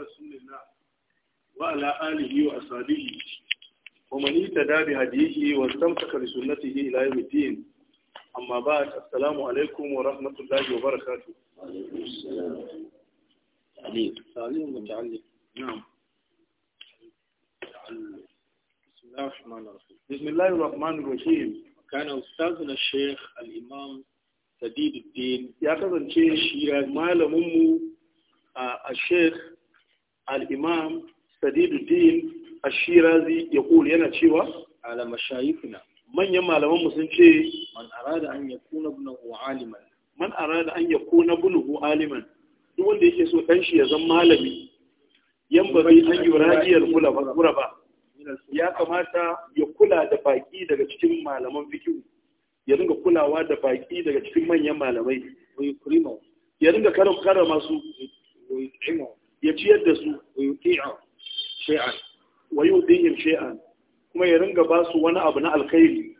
رسول الله وعلى آله وأصحابه ومن اهتدى بهديه واستمسك بسنته إلى يوم الدين أما بعد السلام عليكم ورحمة الله وبركاته وعليكم السلام تعليم نعم بسم الله الرحمن الرحيم كان أستاذنا الشيخ الإمام سديد الدين يا كذا شيخ مالمو الشيخ al-imam sadiduddin ashirazi ya kula yana cewa ala mashayikuna manyan malaman sun ce man arada an yakuna ibnuhu aliman man arada an yakuna ibnuhu aliman duk wanda yake so dan shi ya zama malami yan zai an yurajiyal kula ba ya kamata ya kula da baki daga cikin malaman fikihu ya dinga kulawa da baki daga cikin manyan malamai ya dinga karama su ya ciyar da su wa yuti'a shay'an wa yudihim shay'an kuma ya ringa ba su wani abu na alkhairi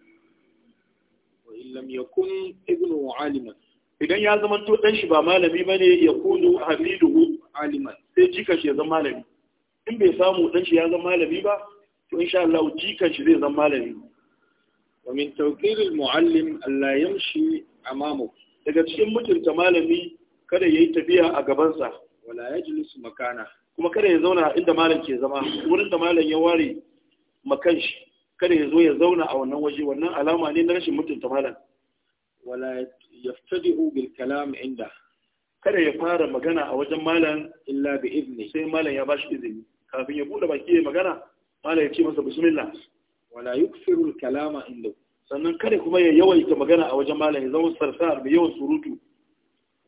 wa illam yakun ibnu aliman idan ya zama to dan shi ba malami bane ya kunu hafiduhu aliman sai jika shi ya zama malami in bai samu dan shi ya zama malami ba to insha Allah jika shi zai zama malami wa min tawqir al muallim alla yamshi amamu daga cikin mutunta malami kada yayi tafiya a gaban sa wala ya yajlisu makana kuma kada ya zauna inda malam ke zama wurin da malam ya ware makan shi kada ya zo ya zauna a wannan waje wannan alama ne na rashin mutunta malam wala ya yaftadi'u bil kalam inda kada ya fara magana a wajen malam illa bi izni sai malam ya bashi izini kafin ya bude baki ya magana malam ya ce masa bismillah wala yukthiru al kalama inda sannan kada kuma ya yawaita magana a wajen malam ya zama sarsar mai yawan surutu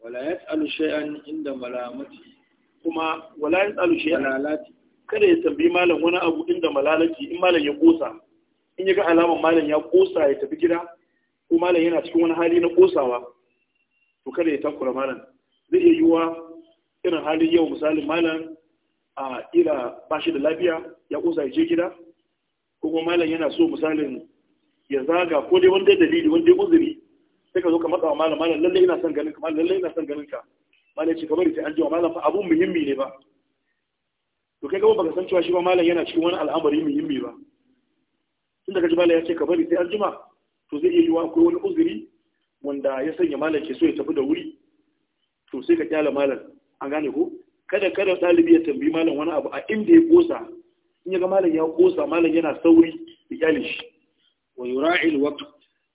wala yas'alu shay'an inda malamati kuma wala ya tsalu shi malalati kada ya tambayi malam wani abu inda malalati in malam ya kosa in ya ga alaman malam ya kosa ya tafi gida ko malam yana cikin wani hali na kosawa to kada ya takura malam zai iya yiwuwa irin halin yau misalin malam a ila ba shi da lafiya ya kosa ya je gida ko kuma malam yana so misalin ya zaga ko dai wanda dalili wanda uzuri sai ka zo ka matsa wa malam malam lallai ina son ganin ka malam lallai ina son ganin ka malai ce kamar ita aljiwa jiwa malam fa abun muhimmi ne ba to kai gaba baka san cewa shi ba malam yana cikin wani al'amari muhimmi ba tun kaji jimala ya ce ka bari sai to zai iya yiwa akwai wani uzuri wanda ya sanya malam ke so ya tafi da wuri to sai ka kyala malam an gane ko kada kada dalibi ya tambayi malam wani abu a inda ya kosa in ya ga malam ya kosa malam yana sauri ya kyale shi wa yura'il waqt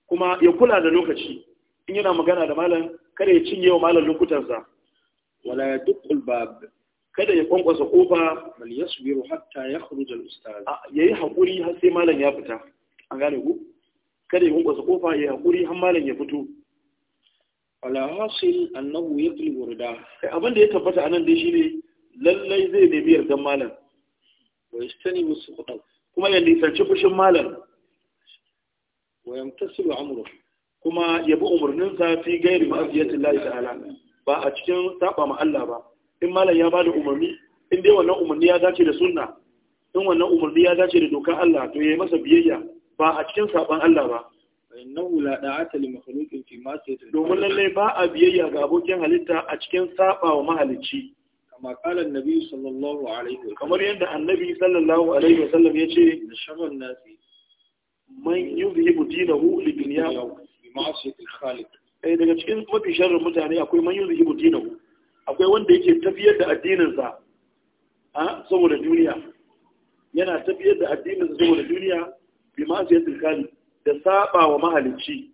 kuma ya kula da lokaci in yana magana da malam kada ya cinye wa malam lokutansa wala ya الباب kada ya kwankwasa kofa bal yasbiru hatta yakhruj al ustaz yayi hakuri har sai malam ya fita an gane ku kada ya kwankwasa kofa yayi hakuri har malam ya fito wala hasil annahu yaqli wurda abin da ya tabbata anan dai shine lallai zai nemi yardan malam wa yastani musuqat kuma ya nisanci fushin malam wa yamtasilu amru kuma yabi umurnin sa fi gairi ma'afiyatillahi ta'ala ba a cikin saba ma Allah ba in malam ya ba da umarni in dai wannan umarni ya dace da sunna in wannan umarni ya dace da dokar Allah to yayi masa biyayya ba a cikin saban Allah ba innahu la da'ata li makhluqin fi ma'siyati domin lalle ba a biyayya ga abokin halitta a cikin saba wa mahalicci kama kala annabi sallallahu alaihi wa kamar yadda annabi sallallahu alaihi wa sallam yace shabban nasi man yuzhibu dinahu li dunyahu bi ma'siyati al-khaliq eh daga cikin mafi sharrin mutane akwai manyan yuzu hibu akwai wanda yake tafiyar da addininsa a saboda duniya yana tafiyar da addininsa saboda duniya bi ma sai tilkali da saba wa mahalicci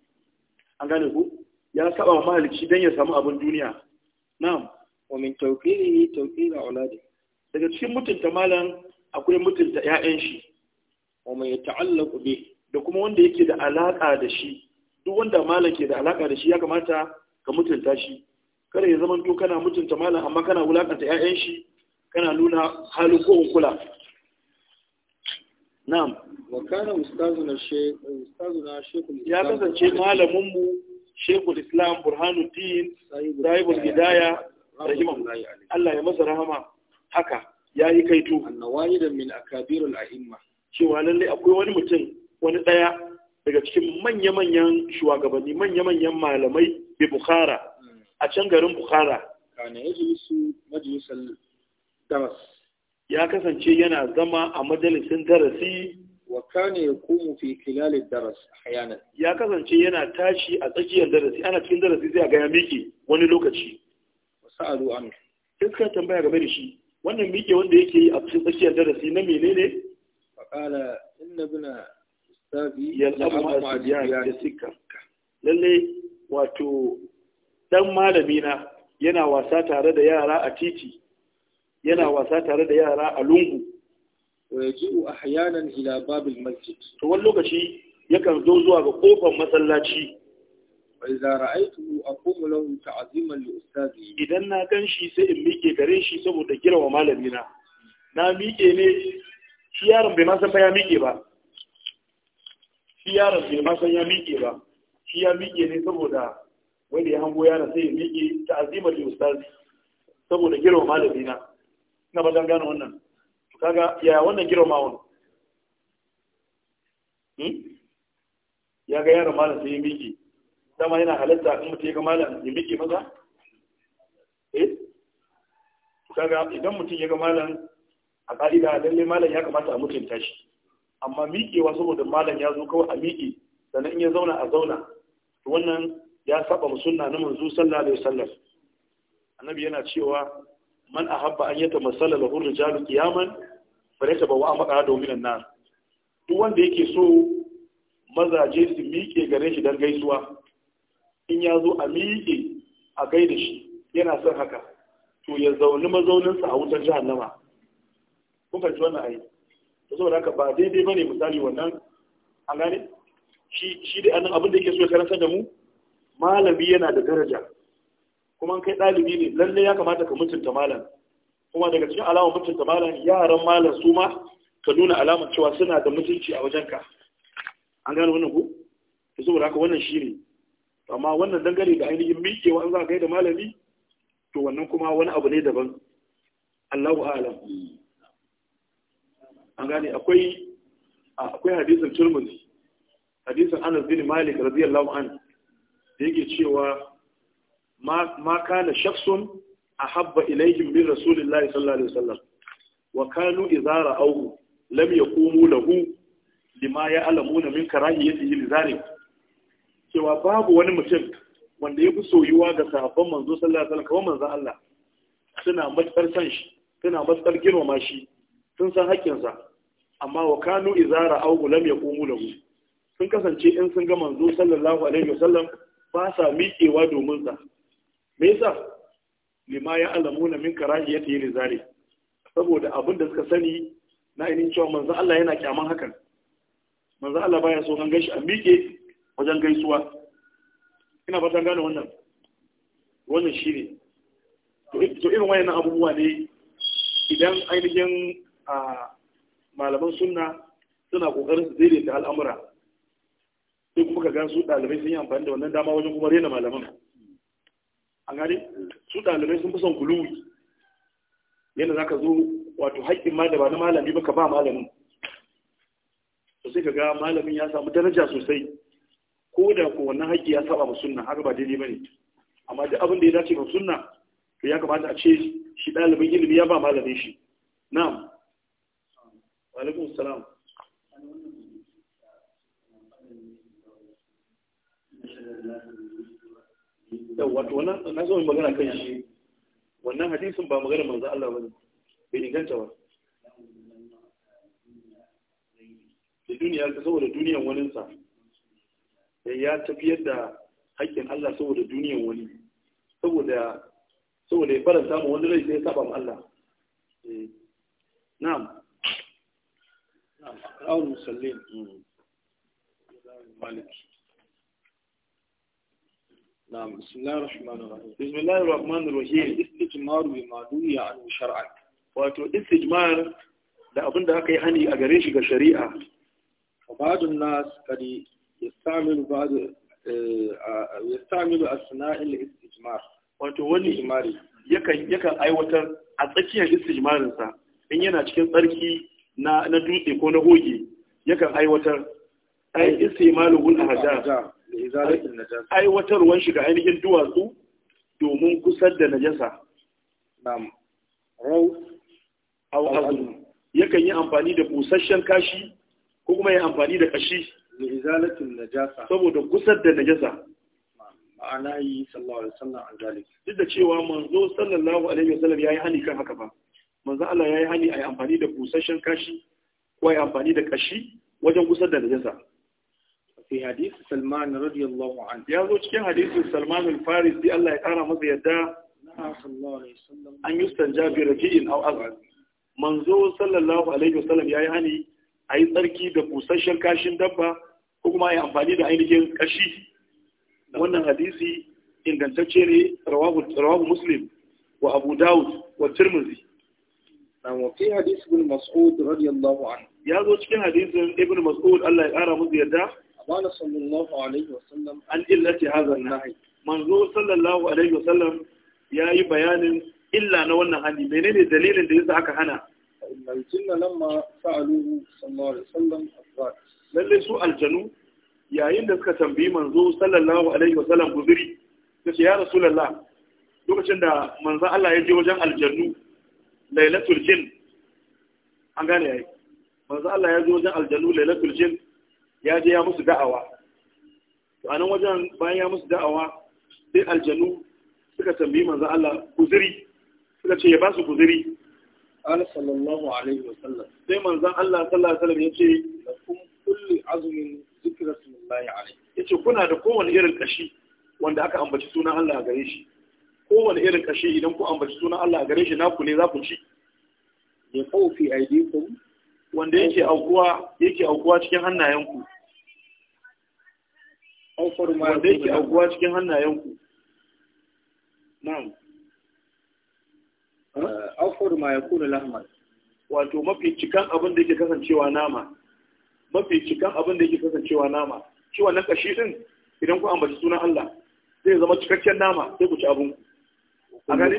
an gane ku ya saba wa mahalicci dan ya samu abin duniya na'am wa min tawqiri tawqira ulade daga cikin mutunta malan akwai mutunta ƴaƴan shi wa mai yata'allaqu bi da kuma wanda yake da alaka da shi duk wanda malam ke da alaka da shi ya kamata ka mutunta shi kada ya zama to kana mutunta malam amma kana wulakanta ƴaƴan shi kana nuna halin ko kula na'am wa kana ustazuna shaykh ustazuna shaykh ya kasance malamin mu shaykhul islam burhanuddin sahibul hidayah rahimahullah Allah ya masa rahama haka yayi kaito annawahidan min akabirul a'imma cewa lalle akwai wani mutum wani daya daga cikin manya-manyan shugabanni manya-manyan malamai bi bukhara a can garin bukhara daras ya kasance yana zama a majalisin darasi wa kana yakumu fi khilal daras ahyanan ya kasance yana tashi a tsakiyar darasi ana cikin darasi zai gaya ya miƙe wani lokaci sa'alu an sai tambaya game da shi wannan miƙe wanda yake yi a cikin tsakiyar darasi na menene faqala inna gina. yal'amu adiyan da suka lalle wato dan malami na yana wasa tare da yara a titi yana wasa tare da yara a lungu wa yaji'u ahyanan ila babil masjid to wani lokaci yakan zo zuwa ga kofar masallaci wa idza ra'aytuhu aqumu lahu ta'ziman li ustazi idan na gan shi sai in miƙe gare shi saboda girma malami na na miƙe ne shi yaron bai ma san ya miƙe ba shi ya bai ma san ya miƙe ba shi ya miƙe ne saboda wanda ya hango yaron sai ya miƙe ta azima da ustaz saboda girma malami na ina ba dan gane wannan kaga ya wannan girma wannan hmm? ya ga yaron malam sai ya miƙe dama yana halatta in mutum ya ga malam ya miƙe maza eh kaga idan mutum ya ga malam a ƙa'ida lalle malam ya kamata a mutunta shi amma miƙewa saboda malam ya zo kawai a miƙe sannan in ya zauna a zauna to wannan ya saba mu sunna na manzo sallallahu alaihi wasallam annabi yana cewa man ahabba an yata masalla lahu rijalu qiyaman fareta ba wa da domin annar duk wanda yake so mazaje su miƙe gare shi dan gaisuwa in ya zo a miƙe a gaida shi yana son haka to ya zauni mazauninsa a wutar jahannama kun fahimci wannan ayi to saboda haka ba daidai bane misali wannan an gane shi dai da annan abin da yake so ya karanta da mu malami yana da daraja kuma kai ɗalibi ne lalle ya kamata ka mutunta malam kuma daga cikin alamar mutunta malam yaran malam su ma ka nuna alamar cewa suna da mutunci a wajenka an gane wannan ku to saboda haka wannan shi ne amma wannan dangane da ainihin miƙewa an za ka yi da malami to wannan kuma wani abu ne daban Allahu a'lam an gane akwai akwai hadisin turmuzi hadisin anas bin malik radiyallahu an da yake cewa ma kana shakhsun habba ilayhim min rasulillahi sallallahu alaihi wasallam wa kanu idza ra'awhu lam yaqumu lahu lima alamuna min karahiyatihi lidhalik cewa babu wani mutum wanda ya fi soyuwa ga sahabban manzo sallallahu alaihi wasallam kamar manzo Allah suna matsar san shi suna matsar girmama shi sun san hakkinsa amma wa kanu izara au lam yaqumu lahu sun kasance in sun ga manzo sallallahu alaihi wasallam ba sa miƙewa domin sa me yasa lima ya alamuna min karahiyati li zari saboda abin da suka sani na ainihin cewa manzo Allah yana kyaman hakan manzo Allah baya so an gaishe a miƙe wajen gaisuwa ina fatan gane wannan wannan shine to irin wayannan abubuwa ne idan ainihin malaman sunna suna kokarin su daidaita al'amura sai kuma ka gan su ɗalibai sun yi amfani da wannan dama wajen kuma rena malaman an gane su ɗalibai sun fi son kuluwi yadda za ka zo wato haƙƙin ma da ba na malami ba ka ba malamin to sai ka ga malamin ya samu daraja sosai ko da ko wannan haƙƙi ya saba ba sunna haka ba daidai ba ne amma duk abin da ya dace ba sunna to ya kamata a ce shi ɗalibin ilimi ya ba malamin shi na'am Walaikun salam. Wato, na zo magana kan shi, wannan hadisin ba magana manzo Allah ba ne, bai inganta ba. Da duniya ta saboda duniyan waninsa, ya tafiyar da haƙƙin Allah saboda duniyan wani, saboda ya faranta mu wani rai sai ya saba mu Allah. Eh, na'am. أو المسلم مالكي نعم بسم الله الرحمن الرحيم بسم الله الرحمن الرحيم استجمار بما نوي شرعا wato istijmar da abin da aka yi hani a gare shi ga shari'a fabadun nas kadi yastamilu ba'du eh, yastamilu da istijmar wato wani imari yakan aiwatar a tsakiyar istijmarin in yana cikin tsarki na na dutse ko na hoge yakan aiwatar ai istimalu gun ahja aiwatarwan shi ga ainihin duwatsu domin kusar da najasa na'am rau aw azm yakan yi amfani da busasshen kashi ko kuma ya amfani da kashi li izalatin najasa saboda kusar da najasa ma'ana yi sallallahu alaihi wasallam an dalik duk da cewa manzo sallallahu alaihi wasallam yayi hani kan haka ba manzo Allah yayi hani ai amfani da busasshen kashi ko ai amfani da kashi wajen gusar da najasa fi hadisi Salman radiyallahu anhu ya zo cikin hadisin Salman al-Farisi Allah ya kara masa yadda an yi stanja bi raji'in aw azan manzo sallallahu alaihi wasallam yayi hani ai tsarki da busasshen kashin dabba ko kuma ai amfani da ainihin kashi wannan hadisi ingantacce ne rawahu rawahu muslim wa abu daud wa tirmidhi nan wafi hadis ibn mas'ud radiyallahu anhu ya zo cikin hadisin ibn mas'ud Allah ya kara musu yadda amana sallallahu alaihi wa sallam an illati hadha an-nahy manzo sallallahu alaihi wa wasallam yayi bayanin illa na wannan hani menene dalilin da yasa aka hana innal jinna lamma sa'aluhu sallallahu alaihi wasallam afrat lalle su aljanu yayin da suka tambayi manzo sallallahu alaihi wa sallam, guzuri kace ya rasulullah lokacin da manzo Allah ya je wajen aljannu lailatul jin an gane yayi manzo Allah ya zo wajen aljanu lailatul jin ya je ya musu da'awa to anan wajen bayan ya musu da'awa sai aljanu suka tambayi manzo Allah kuzuri suka ce ya ba su kuzuri Allah sallallahu alaihi sallam sai manzo Allah sallallahu alaihi sallam ya ce kulli azmin zikratullahi alaihi yace kuna da kowane irin kashi wanda aka ambaci sunan Allah gare shi kowane irin kashe idan ku ambaci sunan Allah gare shi naku ne za ku ci ya kawo fi aidikum wanda yake aukuwa yake aukuwa cikin hannayenku wanda yake aukuwa cikin hannayenku na'am awfar ma wato mafi cikan abin da yake kasancewa nama mafi cikan abin da yake kasancewa nama ciwon na kashi din idan ku ambaci sunan Allah zai zama cikakken nama sai ku ci abin ku. a gani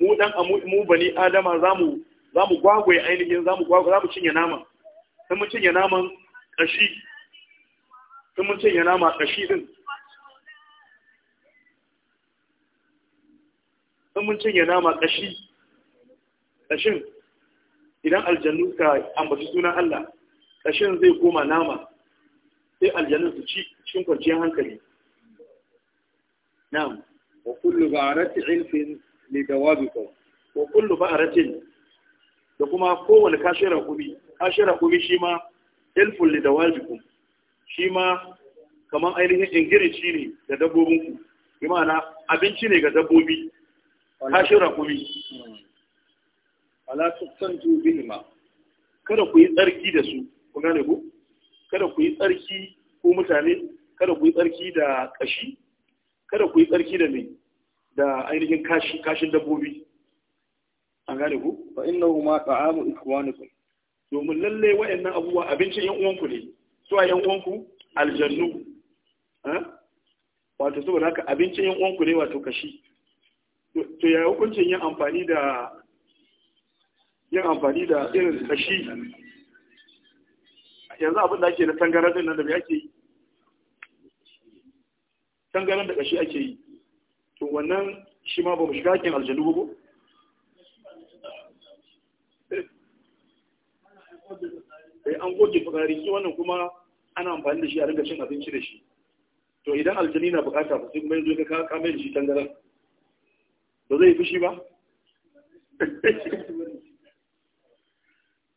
mu dan mu bani adama zamu za mu gwagwaye ainihin za mu gwagwaye za mu cinye naman sun mun cinye naman ƙashi sun mu cinye nama ƙashi ɗin sun mun cinye nama ƙashi ƙashin idan aljannu ka ambaci sunan Allah ƙashin zai koma nama sai aljannu su ci cikin kwanciyar hankali na wa kullu ba'arati ilfin wabi Ko wa kullu ba'aratin da kuma kowane kashin rakumi. kashin rakumi shi ma ilfin da wajibu shi ma kamar ainihin ingirici ne ga dabbobinku bi ma'ana abinci ne ga dabbobi kashin raƙumi ala ne ma? kada ku yi tsarki da su ku gane ku kada ku yi tsarki ku mutane kada ku yi tsarki da kashi kada ku yi tsarki da mai da ainihin kashin dabbobi an gane ku fa hu ma ta'amu ikhwanikum domin lalle wayannan abubuwa abincin yan uwanku ne su a yan uwanku aljannu wato saboda haka abincin yan uwanku ne wato kashi to ya hukuncin yin amfani da yin amfani da irin kashi yanzu abin da ake da tangaran din nan da me ake yi tangaran da kashi ake yi to wannan shi ma ba mu shiga kin aljanu ba ko sai an goge fitsari shi wannan kuma ana amfani da shi a rinka cin abinci da shi to idan aljani na bukata ba sai kuma yanzu ka mai da shi tangaran ba zai fushi ba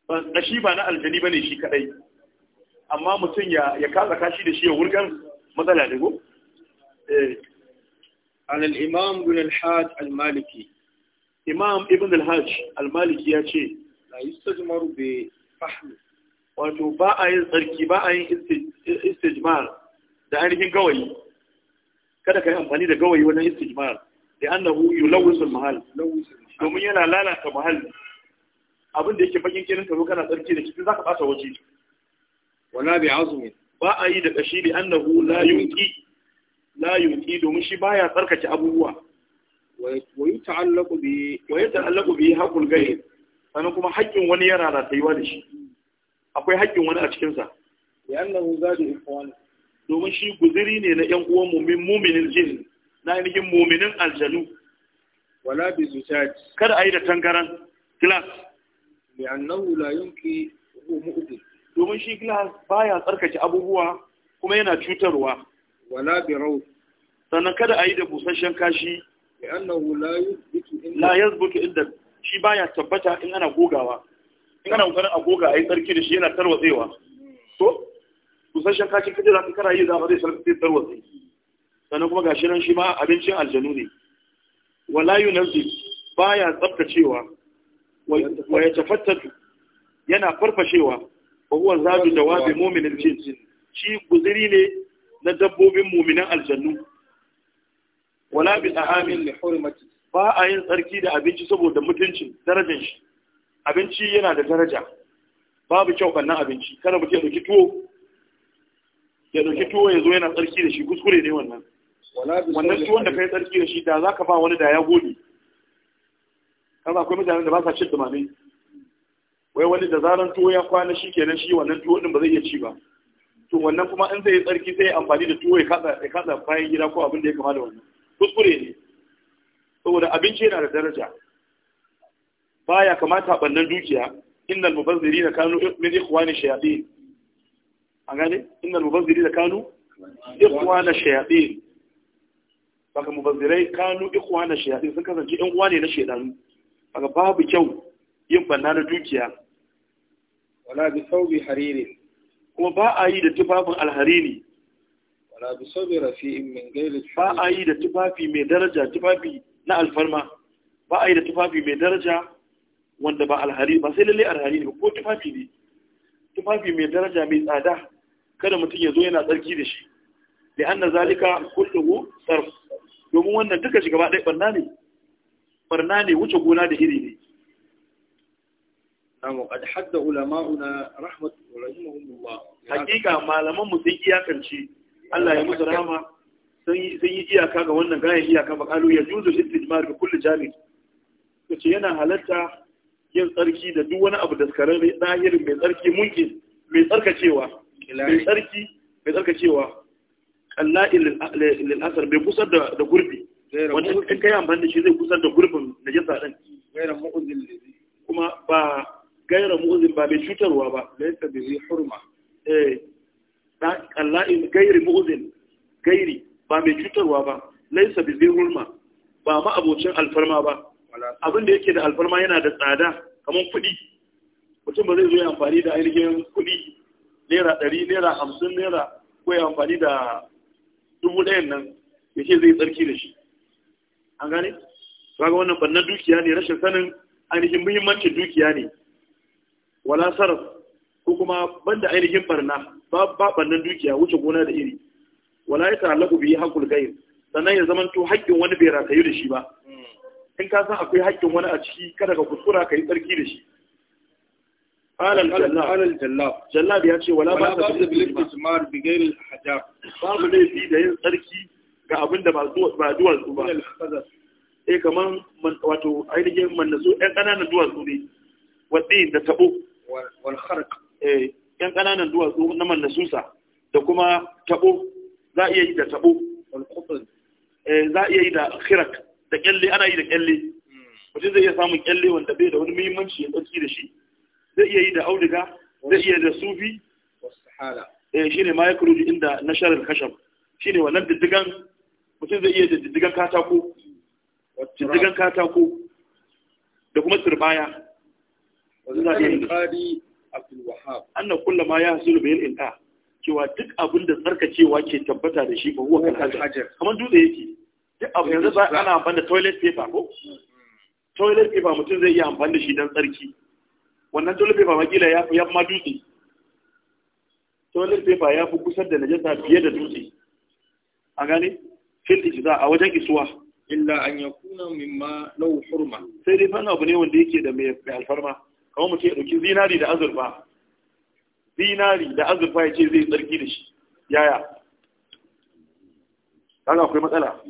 ba shi ba na aljani ba ne shi kadai amma mutum ya kasa kashi da shi ya wurgan matsala da go eh. an imam bin al-hajj al-maliki imam ibn al-hajj al-maliki ya ce la yi stajmaru bai wato ba a yin tsarki ba a yin istijmar da ainihin gawayi kada ka yi amfani da gawayi wajen istijmar da annahu yulawisul mahal domin yana lalata mahal Abinda yake bakin kirin karo kana tsarki da za zaka bata waje wala bi azumi ba a yi da kashi da annahu la yunqi la yunqi domin shi baya tsarkake abubuwa wa yata'allaqu bi wa yata'allaqu bi haqul sannan kuma haƙƙin wani yana ratayuwa da shi akwai haƙƙin wani a cikinsa domin shi guziri ne na ƴan uwan mumin muminin jin na ainihin muminin aljanu wala bi zuciyaci kada a yi da tangaran glass li'annahu la yunki ko mu'dil domin shi glass baya tsarkake abubuwa kuma yana cutarwa wala bi rau sannan kada a yi da busasshen kashi li'annahu la yuthbitu la yuthbitu inda shi baya tabbata in ana gogawa in ana kokarin a goga a yi tsarki da shi yana tarwatsewa to shan kashin kaje za ka kara yi za ba zai sarki sai tarwatse sannan kuma gashi nan shi ma abincin aljanu ne wala yunazzi baya tsaftacewa wa ya tafattatu yana farfashewa wa huwa da wabi mu'minin jin shi guziri ne na dabbobin muminin aljannu wala bil ahamin li hurmati ba a yin tsarki da abinci saboda mutuncin darajar shi abinci yana da daraja babu kyau kannan abinci kada mutum ya ɗauki tuwo ya doki tuwo ya zo yana tsarki da shi kuskure ne wannan wannan tuwon da ka yi tsarki da shi da za ka ba wani da ya gode kaza akwai mutanen da ba sa cin dumame wai wani da zaran tuwo ya kwana shi kenan shi wannan tuwo din ba zai iya ci ba to wannan kuma in zai yi tsarki sai amfani da tuwo ya kada bayan gida ko abin da ya kama da wannan kuskure ne saboda abinci yana da daraja baya kamata bannan dukiya innal da kanu min ikhwani shayatin an gane innal da kanu ikhwana shayatin baka mubazzirai kanu ikhwana shayatin sun kasance yan uwa ne na shedanu baka babu kyau yin banna na dukiya wala bi sawbi hariri kuma ba a yi da tufafin alharini wala bi sawbi rafi'in min gairi ba a yi da tufafi mai daraja tufafi na alfarma ba a yi da tufafi mai daraja wanda ba alhari ba sai lalle alhari ne ko tufafi ne tufafi mai daraja mai tsada kada mutum ya zo yana tsarki da shi da an na zalika kulluhu sarf domin wannan duka shi gaba ɗaya barna ne barna ne wuce gona da iri ne namu qad hadda ulama'una rahmatullahi wa rahimahumullah hakika malaman mu sun iyakance Allah ya musu rahama sun yi iyaka ga wannan gayan iyaka ba kalu ya juzu istijmar bi kulli jami ce yana halatta yin tsarki da duk wani abu da skararre ɗahirin mai tsarki munki mai tsarkacewa mai tsarki mai tsarkacewa kalla'il ilil asar bai kusa da gurbi wanda in kai amfani da shi zai kusa da gurbin da jasa din kuma ba gairan mu'uzin ba mai cutarwa ba laysa bi hurma eh kalla'il gairi mu'uzin gairi ba mai cutarwa ba laisa bi zai ba ma abocin alfarma ba abin da yake da alfarma yana da tsada kamar kuɗi mutum ba zai zo ya amfani da ainihin kuɗi naira ɗari naira hamsin naira ko ya amfani da dubu ɗayan nan ya ce zai tsarki da shi an gane kaga wannan bannan dukiya ne rashin sanin ainihin muhimmancin dukiya ne wala sarraf ko kuma banda ainihin barna ba bannan dukiya wuce gona da iri wala ya ta'allaqu bihi haqqul ghayr sannan ya to haƙƙin wani bai ratayu da shi ba in ka san akwai haƙƙin wani a ciki kada ka kuskura ka yi tsarki da shi alal jallab jallab ya ce wala ba ta da bil ismar bi ghairi al hajab babu laifi da yin tsarki ga abin da ba duwatsu ba eh kaman wato ainihin mannasu ɗan ƙananan duwatsu ne wadin da tabo wal kharq eh ɗan ƙananan duwatsu na mannasusa da kuma tabo za a iya yi da tabo eh, za a iya yi da khirak da kyalle ana yi da kyalle hmm. mutum zai iya samun kyalle wanda bai da wani muhimmanci ya tsarki da shi zai iya yi da auduga zai iya da sufi shi eh, shine ma ya kuruji inda nashar al-kashaf ne wannan diddigan mutum zai iya da diddigan katako diddigan katako da kuma turbaya wannan qadi abdul wahhab anna kullu ma yahsul bil inqa cewa duk abin da tsarkacewa ke tabbata da shi ba huwa kan hajar kamar dutse yake duk abu yanzu za ana amfani da toilet paper ko toilet paper mutum zai iya amfani da shi don tsarki wannan toilet paper makila ya fi yamma dutse toilet paper ya fi kusan da najasa fiye da dutse a gane shi za a wajen isuwa illa an kuna mimma lau hurma sai dai fana abu ne wanda yake da mai alfarma kamar mutum ya ɗauki zinari da azurfa dinari da azurfa ya ce zai tsarki da shi yaya kaga akwai matsala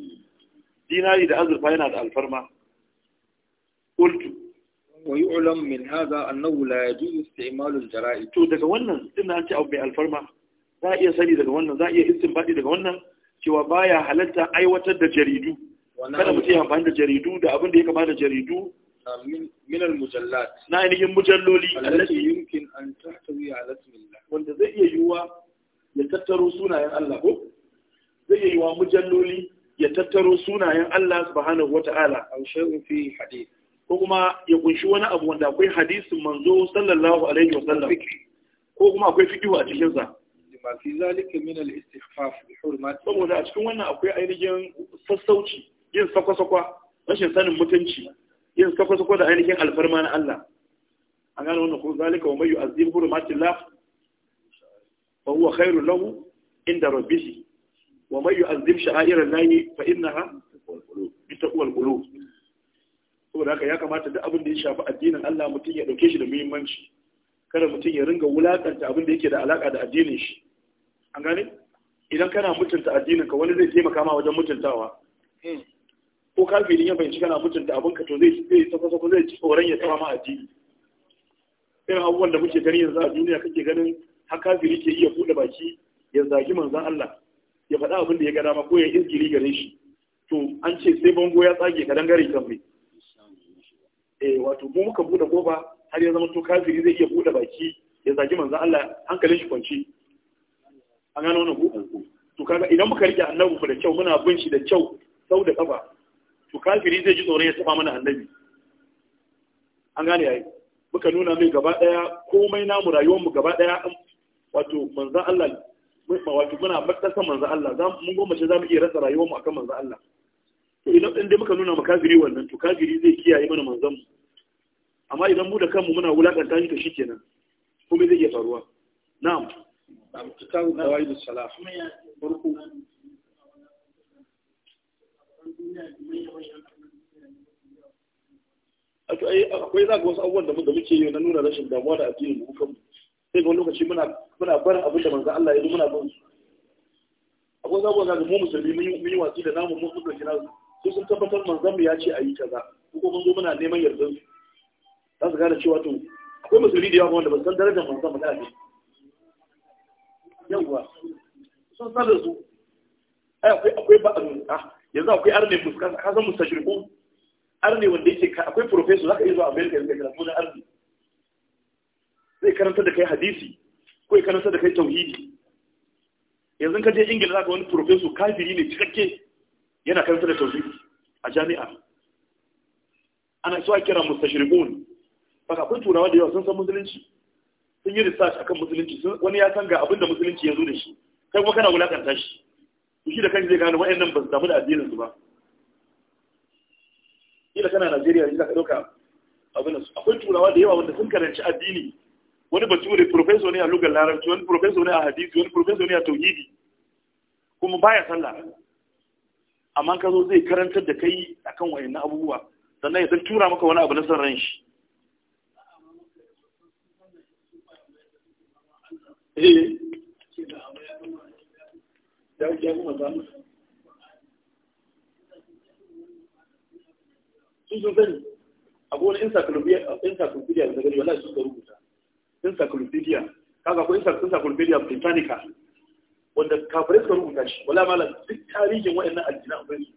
dinari da azurfa yana da alfarma qultu wa ulam min hadha annahu la yajuzu isti'malu al-jara'id to daga wannan din an ce abu mai alfarma za a iya sani daga wannan za a iya istinbadi daga wannan cewa baya halatta aiwatar da jaridu kada mutum ya amfani da jaridu da abin da ya kama da jaridu min al-mujallat na ainihin mujalloli allati yumkin wanda zai iya yiwuwa ya tattaro sunayen Allah ko zai iya yiwuwa ya tattaro sunayen Allah subhanahu wata'ala aw ko kuma ya kunshi wani abu wanda akwai hadisin manzo sallallahu alaihi wa sallam ko kuma akwai fiqh a cikin sa lima fi zalika min al-istihfaf saboda a cikin wannan akwai ainihin sassauci yin sakwasakwa, sakwa rashin sanin mutunci yin sako su da ainihin alfarma na Allah A gano wannan kuma zalika wa mayu azim hurumatillah fa huwa khairu lahu inda rabbih wa mayu azim sha'airal lahi fa Ita uwal qulub saboda haka ya kamata duk abin da ya shafi addinin Allah mutum ya dauke shi da muhimmanci kada mutum ya ringa wulakanta abin da yake da alaka da addinin shi an gane idan kana mutunta addinin ka wani zai taimaka ma wajen mutuntawa hmm. ko kafirin ya fahimci kana mutunta abinka to zai zai sako zai ci tsoron ya tsama ma addini irin abubuwan da muke gani yanzu a duniya kake ganin har kafiri ke iya buɗe baki ya zagi manzon Allah ya faɗa abin da ya ga dama ko ya izgiri gare shi to an ce sai bango ya tsage ka dangare kan mai eh wato mu muka buɗe kofa har ya zama to kafiri zai iya buɗe baki ya zagi manzon Allah hankalin shi kwanci an gano wannan ko to kaga idan muka rike annabi da kyau muna bin shi da kyau sau da kafa to kafiri zai ji tsoro ya saba mana annabi an gane yayi muka nuna mai gaba daya komai namu rayuwar mu gaba daya wato manzon Allah wato muna matsasa manzon Allah za mu goma ce za mu iya rasa rayuwar mu akan manzon Allah to idan din dai muka nuna mu kafiri wannan to kafiri zai kiyaye mana manzon mu amma idan mu da kanmu muna wulakanta shi to shikenan komai zai iya faruwa na'am kitabu dawaidu salah farko akwai za ga wasu abubuwan da muke yi na nuna rashin damuwa da addinin mu kanmu sai ga wani lokaci muna barin abin da manzo Allah ya yi muna bin su akwai za ga mu musulmi mun yi watsi da namu mun da kira su su sun tabbatar manzon mu ya ce a yi kaza ko mun zo muna neman yardar su za su gane cewa to akwai musulmi da yawa wanda ba san darajar manzon mu da ake yawwa sun san su ai akwai akwai ba a ah, yanzu akwai arne fuskanta ka san mustajirku arne wanda yake akwai professor zaka iya zuwa america yanzu ka karatu na arne zai karanta da kai hadisi ko ya karanta da kai tauhidi yanzu ka je ingila zaka wani professor kafiri ne cikakke yana karanta da tauhidi a jami'a ana so a kira ba baka kun turawa da yawa sun san musulunci sun yi research akan musulunci wani ya san ga abin da musulunci ya zo da shi kai kuma kana wulakanta shi shi da kanshi zai gane nan ba su damu da addinin su ba kila kana Najeriya za ka dauka abin su. akwai turawa da yawa wanda sun karanci addini wani bature professor ne a lugar larabci wani professor ne a hadisi wani professor ne a tauhidi kuma baya sallah amma ka zo zai karantar da kai akan na abubuwa sannan ya tura maka wani abu na san ran shi eh ya ya kuma ta sun wani encyclopedia da rubuta encyclopedia kaga akwai britannica wanda kafirai suka rubuta shi wala malam duk tarihin waɗannan addina akwai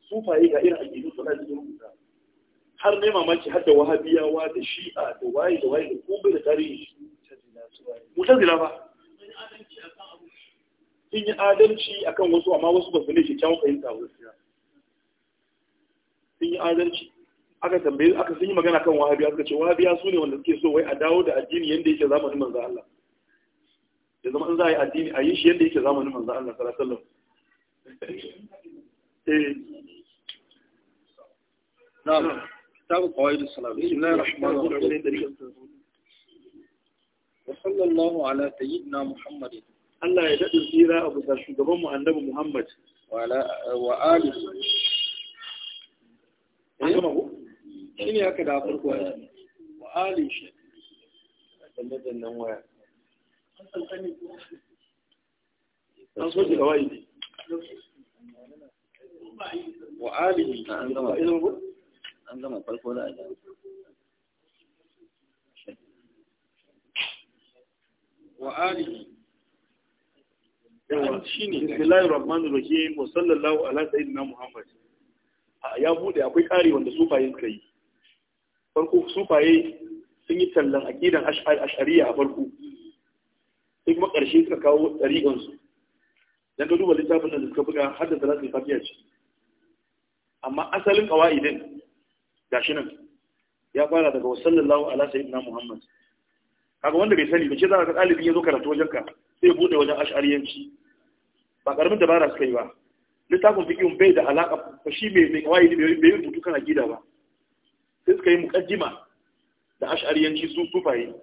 su sufaye ga irin addini su na cikin rubuta har ne mamaki har da wahabiyawa da shi'a da waye da waye da komai da tarihi mutazila ba sun yi adalci akan wasu amma wasu ba su ne kyakkyawan fahimta ba sun yi adalci aka tambaye aka sun yi magana kan wahabiya suka ce wahabiya su ne wanda suke so wai a dawo da addini yadda yake zamanin manzo Allah ya zama an za a yi addini a yi shi yadda yake zamanin manzo Allah sallallahu alaihi wasallam نعم كتاب قواعد الصلاة بسم الله الرحمن الرحيم وصلى الله على سيدنا محمد الله يدعو سيرا أبو سرشد بمو أنبو محمد وعلى وآله أنه هو شيني هكذا أقول كوالي وآله شيء أتمنى أنه هو أصول كوالي وآله أنه هو أنه هو أنه هو وآله shine bismillahir rahmanir rahim wa sallallahu ala sayyidina muhammad ya bude akwai kare wanda sufaye suka yi farko sufaye sun yi tallan aqidan ash'ariyya a farko sai kuma ƙarshe suka kawo ɗariƙan su dan ka duba littafin da suka buga har da salatul fatiha ce amma asalin qawaidin gashi nan ya fara daga wa sallallahu ala sayyidina muhammad kaga wanda bai sani ba ce za ka ɗalibi ya zo karatu wajenka sai bude wajen ash'ariyanci ba karamin dabara suka yi ba littafin fiqh bai da alaƙa ba shi mai mai kawai bai yi rubutu kan gida ba sai suka yi muqaddima da ash'ariyanci su sufaye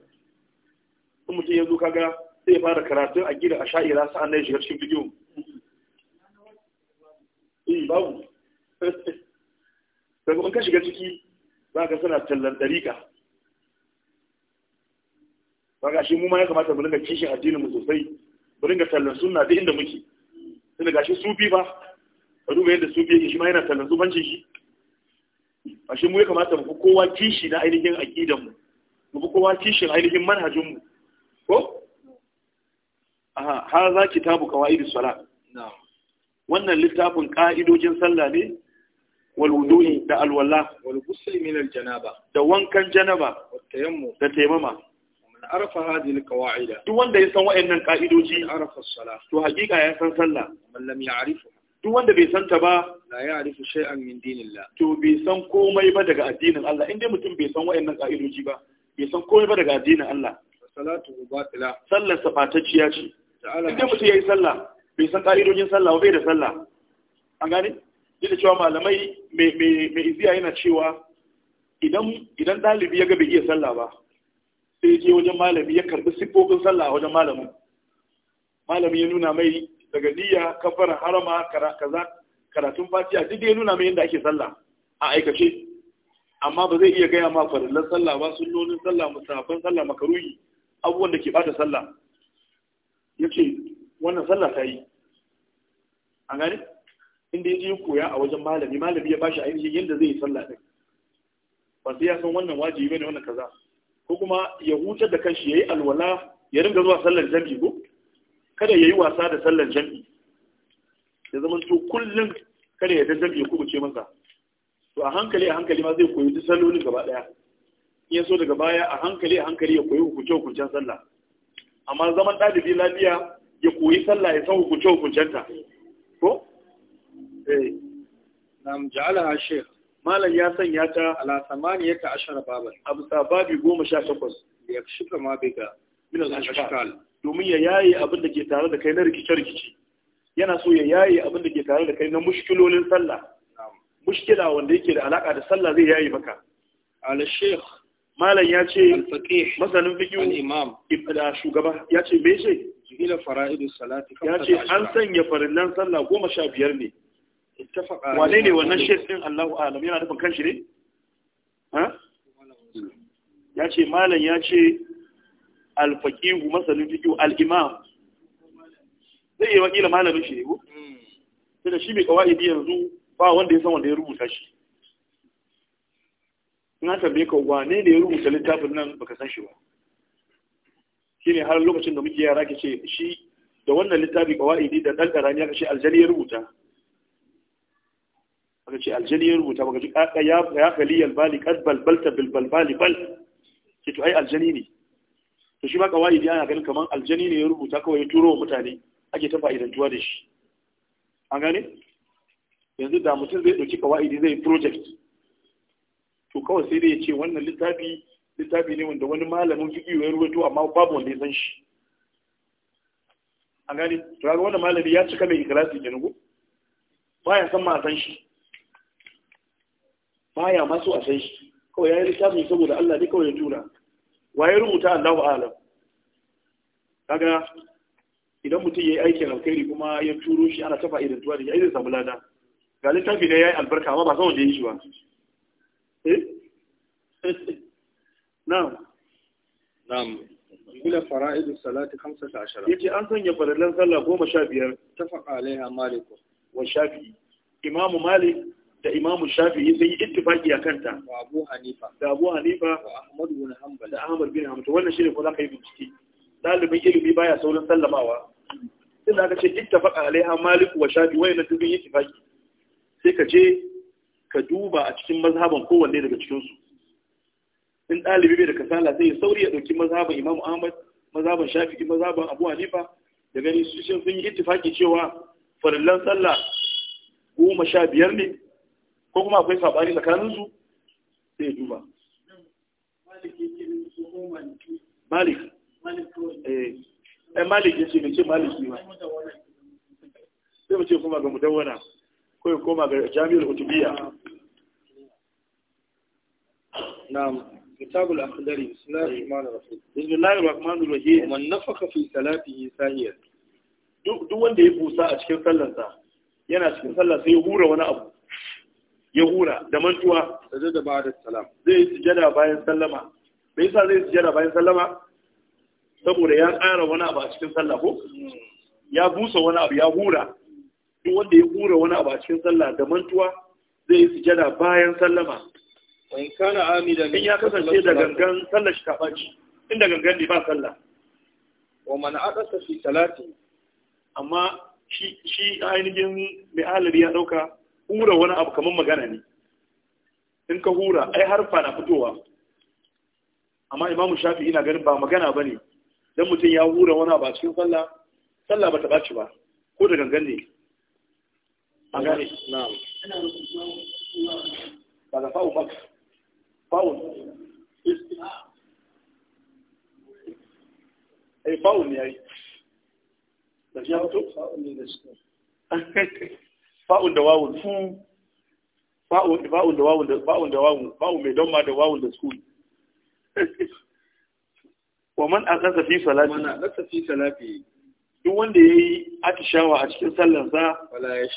Sun mutum ya zo kaga sai ya fara karatun a sha'ira sa'an nan ya shiga cikin fiqh eh babu sai in ka shiga ciki za ka suna tallan dariƙa kaga shi mu ma ya kamata mu dinga kishin addinin mu sosai mu dinga tallan sunna duk inda muke tunda shi sufi ba ka duba yadda sufi yake shi ma yana tallan zubancin shi a shi mu ya kamata mu fi kowa kishi na ainihin aqidan mu mu fi kowa kishin ainihin manhajin mu ko aha haza kitabu qawaidus salat wannan littafin ka'idojin sallah ne والوضوء ده الولاء والغسل من da wankan janaba da tayammum da تيمم arafa hadhihi alqawaida duk wanda ya san wayannan ka'idoji arafa as-salah to hakika ya san sallah man lam ya'rifu duk wanda bai san ta ba la ya'rifu shay'an min dinillah to bai san komai ba daga addinin Allah inda mutum bai san wayannan ka'idoji ba bai san komai ba daga addinin Allah salatu batila sallar safatacciya ce inda mutum yayi sallah bai san ka'idojin sallah ba bai da sallah an gane duk da cewa malamai mai iziya yana cewa idan ɗalibi ya ga bai iya sallah ba sai je wajen malami ya karbi siffofin sallah a wajen malamin malami ya nuna mai daga niyya kafara harama kaza karatun fatiha duk ya nuna mai yadda ake sallah a aikace amma ba zai iya gaya ma farillan sallah ba sunnonin sallah musafan sallah makaruyi abubuwan da ke bata sallah ce wannan sallah ta yi an gani, inda yaje koya a wajen malami malami ya bashi ainihin yadda zai yi sallah ɗin. ba sai ya san wannan wajibi ne wannan kaza ko kuma ya hutar da kanshi yi alwala ya ringa zuwa sallar jam'i ko kada ya yi wasa da sallar jam'i. ya zama to kullum kada ya dan ko kubuce masa to a hankali a hankali ma zai koyi duk sallolin gaba daya in so daga baya a hankali a hankali ya koyi hukunce hukuncen sallah amma zaman ɗalibi lafiya ya koyi sallah ya san hukunce hukuncenta ko eh nam ja'ala shekh malam ya sanya ta ala samaniyata ashara babal abu sababi goma sha takwas da ya shiga ma bai ga min al-ashkal domin ya yayi abin da ke tare da kai na rikice-rikice yana so ya yayi abin da ke tare da kai na mushkilolin sallah mushkila wanda yake da alaka da sallah zai yayi maka ala sheikh malam ya ce masanin fiqh imam ibada shugaba ya ce me ce jihila fara'idus salati ya ce an sanya farillan sallah goma sha biyar ne wane ne wannan shek din Allahu alam yana nufin kanshi ne ya ce malam ya ce alfaqihu masalin fiqhu al-imam zai yi wakila malamin shi ne ko sai hmm. da shi mai kawaidi yanzu ba wanda ya san wanda ya rubuta shi na tambaye ka wane ne ya rubuta littafin nan baka san shi ba shine har lokacin da muke yara ke ce shi da wannan littafi kawaidi da dan karani aka ce aljali ya rubuta aka ce aljani ya rubuta baka ji aka ya kali albali kad balbalta bilbalbali bal ce to ai aljani ne to shi ma kawai ana ganin kamar aljani ne ya rubuta kawai ya turo mutane ake ta fa'idantuwa da shi an gane yanzu da mutum zai ɗauki kawai zai project to kawai sai dai ya ce wannan littafi littafi ne wanda wani malamin fiƙi ya rubuto amma babu wanda ya san shi an gane to kaga wannan malami ya cika mai ikhlasi kenan ko baya san ma san shi baya masu a san shi kawai yi littafin saboda Allah ne kawai ya tura waye rubuta Allah alam kaga idan mutum yayi aikin alkhairi kuma ya turo shi ana tafa irin tuwa da ya zai samu lada ga littafi ya yayi albarka amma ba san wanda yayi shi ba eh na'am na'am bila fara'idu salati 15 yace an sanya farallan sallah 15 tafaqa alaiha malik wa shafi'i imamu malik da imamu yi sun yi ittifaki a kanta wa abu hanifa da abu hanifa bin hanbal da ahmad bin hanbal wannan shine ko ka yi bincike dalibin ilimi baya saurin sallamawa sai aka ce ittafaqa alaiha maliku wa shafi wa na dubin ittifaki sai ka je ka duba a cikin mazhaban kowanne daga cikinsu. in dalibi bai da kasala sai ya sauri ya ɗauki mazhaban imamu ahmad mazhaban Shafi, mazhaban abu hanifa da gani su sun yi ittifaki cewa farillan sallah goma sha biyar ne ko kuma akwai sabani tsakanin su sai duba malik eh eh malik yace bai ce malik ne ba sai mu ce kuma ga mudawwana ko koma ga jami'ul utubiya na'am كتاب الأخضر بسم الله الرحمن الرحيم بسم الله الرحمن الرحيم ومن fi في صلاته ثانية duk wanda ya busa a cikin sallarsa yana cikin sallar sai ya hura wani abu ya hura da mantuwa da ba'da salam zai sujada bayan sallama me yasa zai sujada bayan sallama saboda ya ƙara wani abu a cikin sallah ko ya busa wani abu ya hura duk wanda ya hura wani abu a cikin sallah da mantuwa zai yi sujada bayan sallama in kana amida in ya kasance da gangan sallar shi kaɓaci inda gangan ne ba sallah wa man adasa fi salati amma shi shi ainihin mai alari ya dauka hura wani abu kamar magana ne in ka hura ai harfa na fitowa amma imamu shafi ina ganin ba magana ba ne don mutum ya hura wani abu a cikin sallah sallah ba ta ɓaci ba ko da gangan ne a gane na'am ba da fa'u ba fa'u ai eh, fa'u ne ai da ya fito fa'u ne da shi fa'un da wawun fa'un da wawun fa'un da wawun fa'un mai don ma da wawun da wa man fi salafi man aqasa fi salati duk wanda yayi atishawa a cikin sallar za wala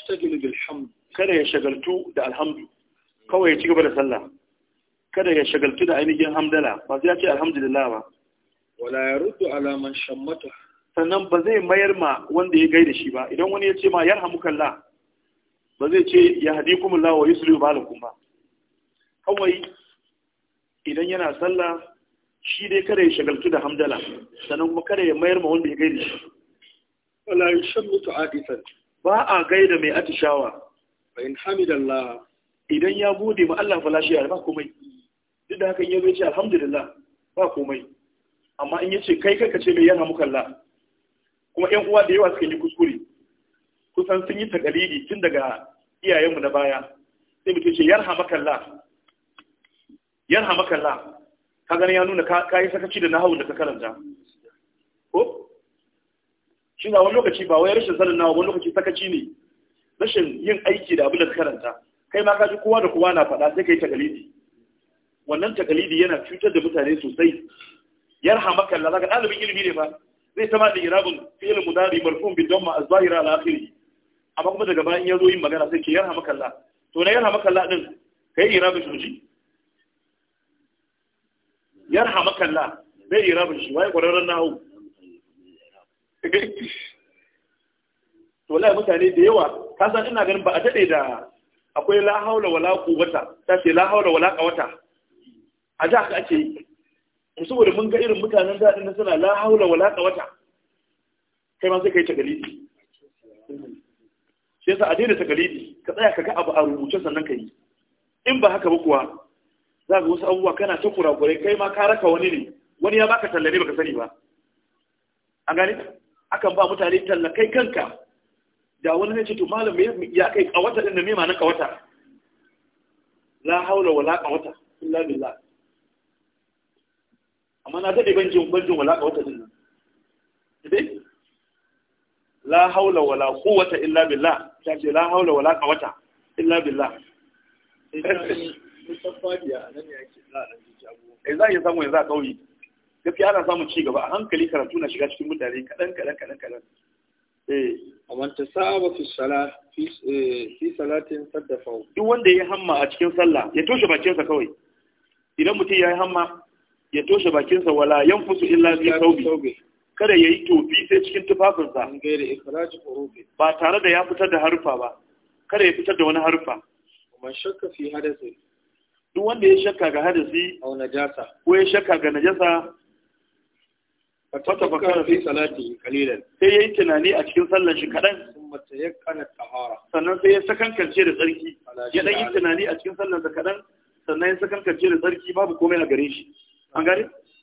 kada ya shagaltu da alhamdu kawai ya ci gaba da sallah kada ya shagaltu da ainihin hamdala ba zai ce alhamdulillah ba wala ya ruddu alaman shammata sannan ba zai mayar ma wanda ya gaida shi ba idan wani ya ce ma yarhamukallah ba zai ce ya haɗi kuma lawa yi sulu malin ba kawai idan yana sallah shi dai kada ya shagaltu da hamdala sannan kuma kada ya mayar ma wanda ya gaida shi wala a ta'adisan ba a gaida mai atishawa fa in hamidallah idan ya gode ma Allah fala shi ba komai duk da hakan ya zo ce alhamdulillah ba komai amma in yace kai kaka ce mai yana mukalla kuma ƴan uwa da yawa suka yi kuskure kusan sun yi takalidi tun daga iyayenmu na baya sai mutum ce yarhamakallah yarhamakallah ka gani ya nuna ka yi sakaci da nahawun da ka karanta ko shi na wani lokaci ba wai rashin sanin nawa wani lokaci sakaci ne rashin yin aiki da abin da ka karanta kai ma ka ji kowa da kowa na faɗa sai kai takalidi wannan takalidi yana cutar da mutane sosai yarhamakallah zaka ɗalibin ilimi ne ba zai tama da irabin fi'il mudari marfun bi ma az-zahira al-akhiri amma kuma daga bayan ya zo yin magana sai ke yarha makalla to na yarha makalla din kai bi shi ji yarha makalla ira bi shi wai kwararren nahu to lai mutane da yawa ka san ina ganin ba a dade da akwai la haula wala quwwata ta ce la haula wala quwwata a da aka ake yi saboda mun ga irin mutanen da suna la haula wala quwwata kai ma sai kai ta galibi. shi yasa a daina takalidi ka tsaya ka ga abu a rubuce sannan ka yi in ba haka ba kuwa za ga wasu abubuwa kana ta kurakurai kai ma ka raka wani ne wani ya baka talla baka sani ba an gane akan ba mutane talla kai kanka da wani ne ce to malam ya kai wata din da me ma na kawata la haula wala kawata illa billah amma na dade ban jin ban jin wala kawata din nan la haula wala quwwata illa billah ta ce la haula wala quwwata illa billah eh za a iya samu yanzu a ƙauye gaskiya ana samun ci gaba a hankali karatu na shiga cikin mutane kaɗan kaɗan kaɗan kadan eh amma ta saba fi sala eh, fi salatin saddafa duk wanda ya hamma a cikin sallah ya toshe bakinsa kawai idan mutum ya yi hamma ya toshe bakinsa wala yanfusu illa bi tawbi kada ya yi tofi sai cikin tufafinsa ba tare da ya fitar da harfa ba kada ya fitar da wani harfa shakka fi hadasi duk wanda ya shakka ga hadasi ko ya shakka ga najasa fata fakara fi salati kalilan. sai yi tunani a cikin sallar shi kadan tahara sannan sai ya sakankance da tsarki ya ɗan yi tunani a cikin sallar sa kadan sannan ya sakankance da tsarki babu komai a gare shi an gare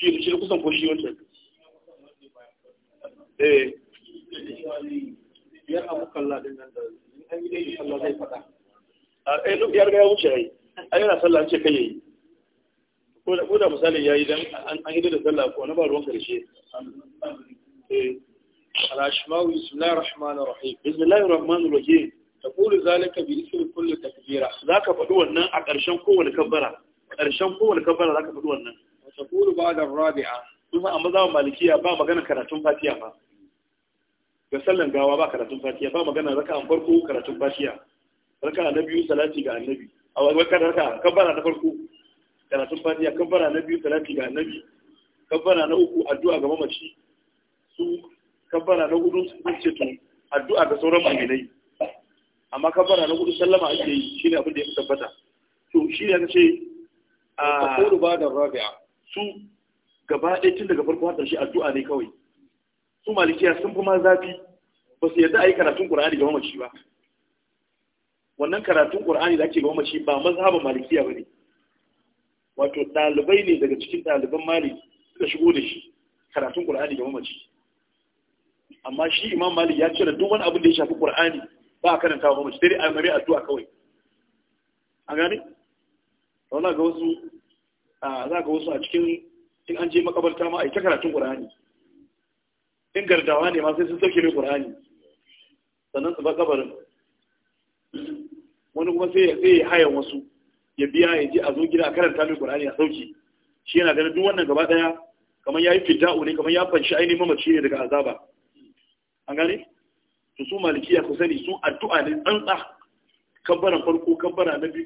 shi shi kusan ko wancan eh biyar abu nan da an yi dai Allah zai faɗa a eh duk ya wuce ai ai yana sallah ce kai yayi ko da ko da misalin yayi an yi da sallah ko na ba ruwan karshe eh al-ashmawi bismillahir rahmanir rahim bismillahir rahmanir rahim taqulu zalika bi ismi kulli takbira zaka faɗi wannan a ƙarshen kowane kabbara ƙarshen kowane kabbara zaka faɗi wannan taqulu ba'da rabi'a kun san amma zaman malikiya ba magana karatun fatiha ba ga sallan gawa ba karatun fatiha ba magana raka'an farko karatun fatiha raka'a na biyu salati ga annabi a wakan raka'a kabbara na farko karatun fatiha kabbara na biyu salati ga annabi kabbara na uku addu'a ga mamaci su kabbara na hudu sun ce to addu'a ga sauran mu'minai amma kabbara na hudu sallama ake yi shine abin da ya tabbata to shi ne ce a kudu su gaba ɗaya tun daga farko har shi addu'a ne kawai su malikiya sun fi ma zafi ba su yarda a yi karatun ƙur'ani ga mamaci ba wannan karatun ƙur'ani da ake ga mamaci ba mazhaban malikiya ba ne wato ɗalibai ne daga cikin ɗaliban maliki suka shigo da shi karatun ƙur'ani ga mamaci amma shi imam Malik ya cire duk wani abin da ya shafi ƙur'ani ba a karanta wa mamaci dai a mare addu'a kawai a gane? Wala ga wasu za ga wasu a cikin in an je makabarta ma a yi ta karatun ƙur'ani in gardawa ne ma sai sun sauke mai ƙur'ani sannan su ba kabarin wani kuma sai ya hayan wasu ya biya ya je a zo gida a karanta mai ƙur'ani a sauki shi yana ganin duk wannan gaba ɗaya kamar ya yi fita ne kamar ya fanshi ainihin mamaci ne daga azaba an gane su su malikiya ku sani su addu'a ne tsantsa kabbaran farko kabbara na biyu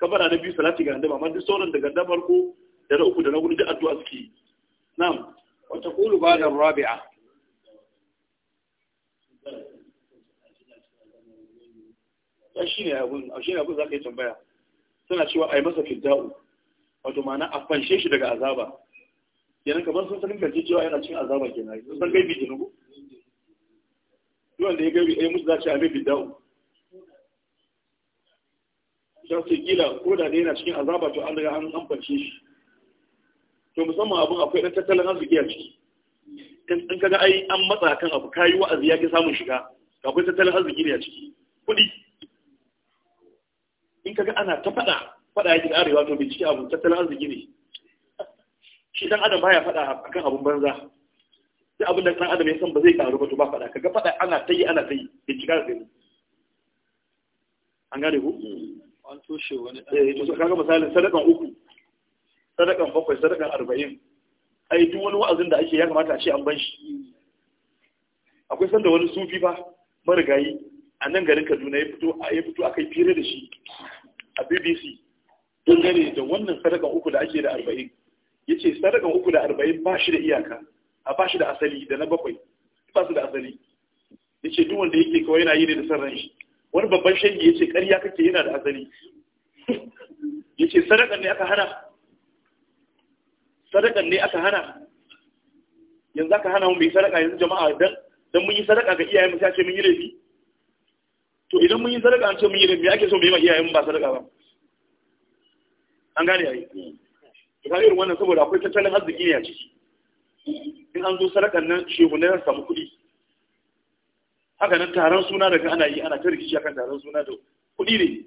kabbara na biyu salati ga annabi amma duk sauran daga da farko da na uku da na hudu duk addu'a suke na'am wa taqulu ba'da rabi'a ya shi ne a shi ne abin za yi tambaya suna cewa a yi masa fidda'u wato ma'ana a fanshe shi daga azaba kenan kamar sun sanin kanci cewa yana cin azaba kenan sun san gaibi kenan ko duk wanda ya gaibi ai musu za a ce a mai fidda'u sai su gila ko da yana cikin azaba to an riga an ambace shi to musamman abun akwai dan tattalin arziki a ciki in kaga ai an matsa kan abu kayi wa'azi ya ki samun shiga akwai tattalin arziki ne a ciki kuɗi in kaga ana ta faɗa faɗa yake arewa to bincike abu tattalin arziki ne shi dan adam baya faɗa akan abun banza sai abin da dan adam ya san ba zai karu ba to ba faɗa kaga faɗa ana ta yi ana ta yi bincike da gani an gane ku an toshe wani ɗan eh, kaga misalin sadakan uku sadakan bakwai sadakan arba'in ai duk wani wa'azin da ake ya kamata a ce an ban shi akwai sanda wani sufi ba marigayi a nan garin kaduna ya fito ya fito aka yi fira da shi a bbc dangane da wannan sadakan uku da ake da arba'in ya ce sadakan uku da arba'in ba shi da iyaka a ba shi da asali da na bakwai ba su da asali ya ce duk wanda yake kawai yana yi ne da san ran shi wani babban shayi ya ce ƙarya kake yana da asali ya ce sadakan ne aka hana sadakan ne aka hana yanzu aka hana mai sadaka yanzu jama'a don mun yi sadaka ga iyayen mu sai ce mun yi laifi? to idan mun yi sadaka an ce mun yi rabi ake so mu yi ma iyayen mu ba sadaka ba an gane yayi to irin wannan saboda akwai tattalin arziki ne a ciki in an zo sadakan nan shehu ne samu kuɗi haka nan taron suna daga ana yi ana ta rikici akan taron suna da kuɗi ne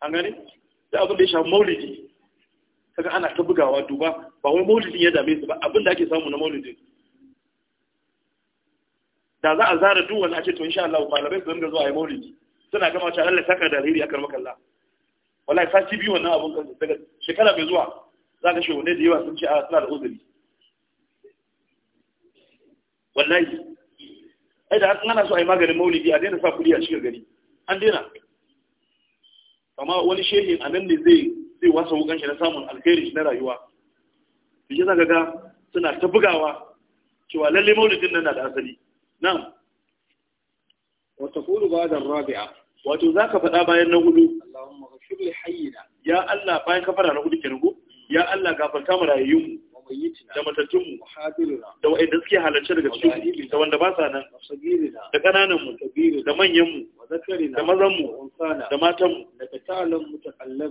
an gani, da abin da ya shafi maulidi kaga ana ta bugawa duba ba wai maulidin ya dame su ba abin da ake samu na maulidin da za a zara duk wani ake to insha Allah malamai su dinga zuwa ayi maulidi suna gama cewa Allah saka da riri akan makalla wallahi sati biyu wannan abun kan daga shekara mai zuwa za ka wani da yawa sun ce a ah, suna da uzuri wallahi ai da ana so a yi maganin maulidi a daina sa kuɗi a cikin gari an daina amma wani shehi a nan ne zai zai wasa wukan shi na samun alkhairi na rayuwa shi yasa ga suna ta bugawa cewa lalle maulidin nan na da asali na'am wa taqulu ba'da rabi'a wato zaka faɗa bayan na hudu Allahumma ghfir li hayyina ya Allah bayan ka fara na hudu kenan ko ya Allah gafarta mu rayuwar mu da matattunmu da wa'inda suke halarci daga cikin da wanda ba sa nan da ƙanananmu da manyanmu da mazanmu da matanmu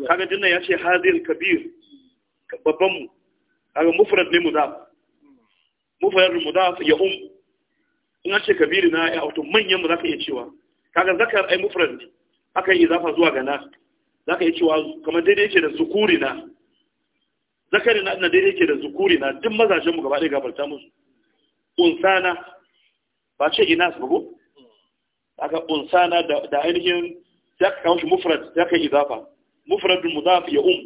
kaga dinnan ya ce hazir kabir babbanmu kaga mufrad ne mudaf mufrad mudaf ya um in an ce kabiri na ya auto manyan mu zaka iya cewa kaga zakar ai mufrad ne akan yi zafa zuwa ga na zaka iya cewa kamar daidai ce da sukuri na zakari na na daidai ke da zukuri na duk mazajen mu gaba ɗaya gafarta musu unsana ba ce ina su ko aka unsana da ainihin ya ka kawo shi mufrad ya kai Mufrad mufradun mudaf ya um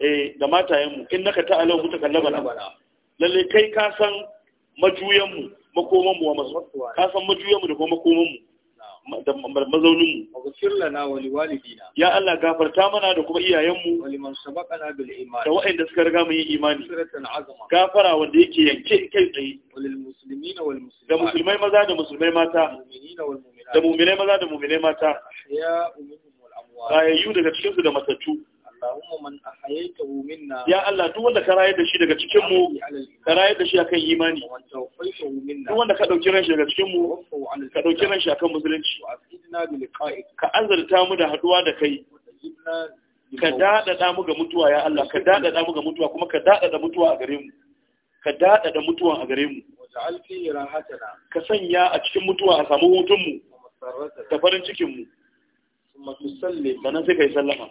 eh da matayen mu innaka ta'alu mutakallabana lalle kai ka san majuyan mu makoman mu wa masu ka san majuyan mu da kuma makoman mu da mazaunin mu ya Allah gafarta mana da kuma iyayen mu da waɗanda suka riga mu yi imani gafara wanda yake yanke kai tsaye da musulmai maza da musulmai mata da mummunai maza da mummunai mata ya ummu daga cikin su da matattu ya Allah duk wanda ka rayar da shi daga cikin mu ka rayar da shi akan imani duk wanda ka dauki ran shi daga cikin mu ka dauki ran shi akan musulunci ka azurta mu da haduwa da kai ka dadada mu ga mutuwa ya Allah ka dadada mu ga mutuwa kuma ka dadada mutuwa a gare mu ka dadada mutuwa a gare mu ka sanya a cikin mutuwa a samu hutun mu da farin cikin mu sannan sai ka yi sallama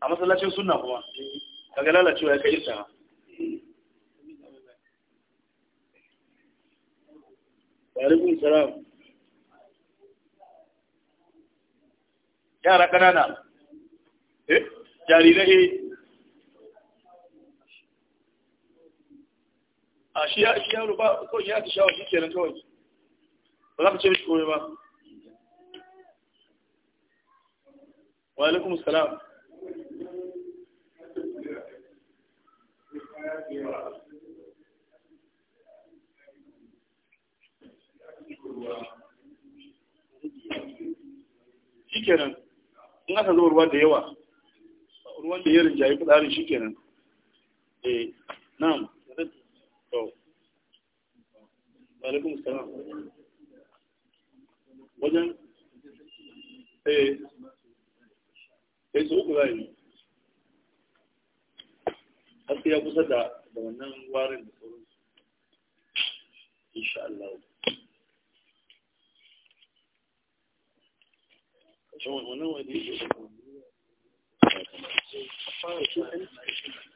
a masallacin suna kuma kaga lalacewa ya kai isa Barikun salam. Yara ƙanana, eh, jarirai a shi ya ba kawai ya ta wasu shi kenan kawai, ba za ka ce mishi kome ba. wa alaikum salam shikenan in aka zuba ruwa da yawa ruwan da ya eh, to salam wajen eh sai su uku za yi har sai ya kusa da wannan warin da sauransu insha Allah wannan wani ne ya fara shi